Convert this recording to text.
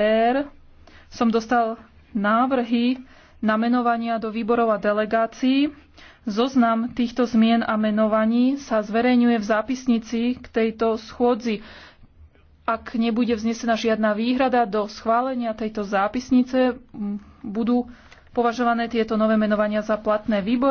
R som dostal návrhy na menovania do výborov a delegácií. Zoznam týchto zmien a menovaní sa zverejňuje v zápisnici k tejto schôdzi. Ak nebude vznesená žiadna výhrada do schválenia tejto zápisnice, budú považované tieto nové menovania za platné výbor.